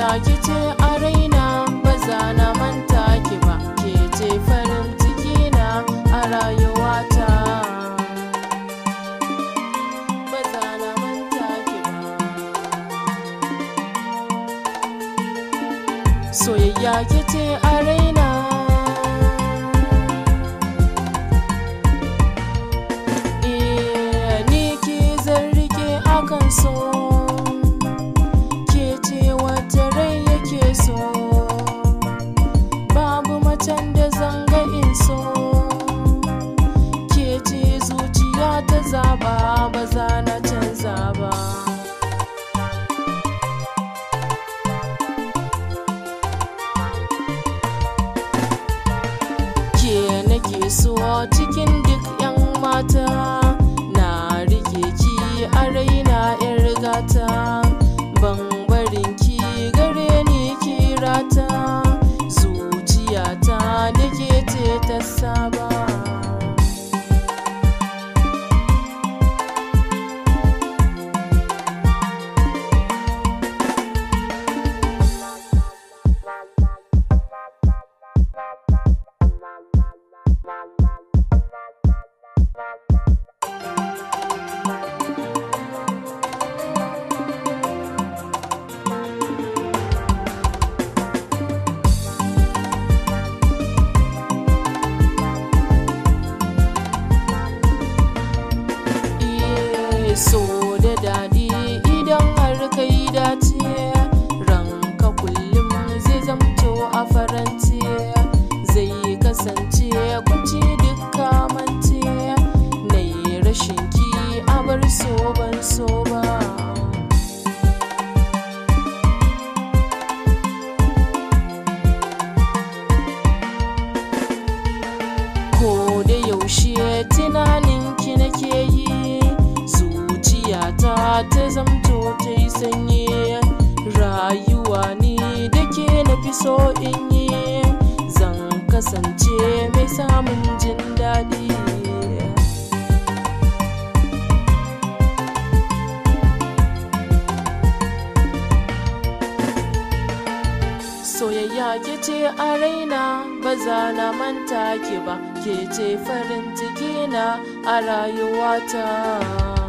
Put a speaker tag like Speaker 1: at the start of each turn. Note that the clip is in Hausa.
Speaker 1: da kice a raina ba za na manta ki ba ke ce farin ciki na a rayuwata ba za na manta ki ba soyayya kice a raina Yesuwa cikin duk 'yan mata, na rike ki a raina 'yar gata. rana ta zamto ta yi sanyi rayuwa ne da ke na fi so in yi zan kasance mai samun jin daɗi soyayya ke ce a raina ba za na manta ke ba ke ce farin ciki na a rayuwata.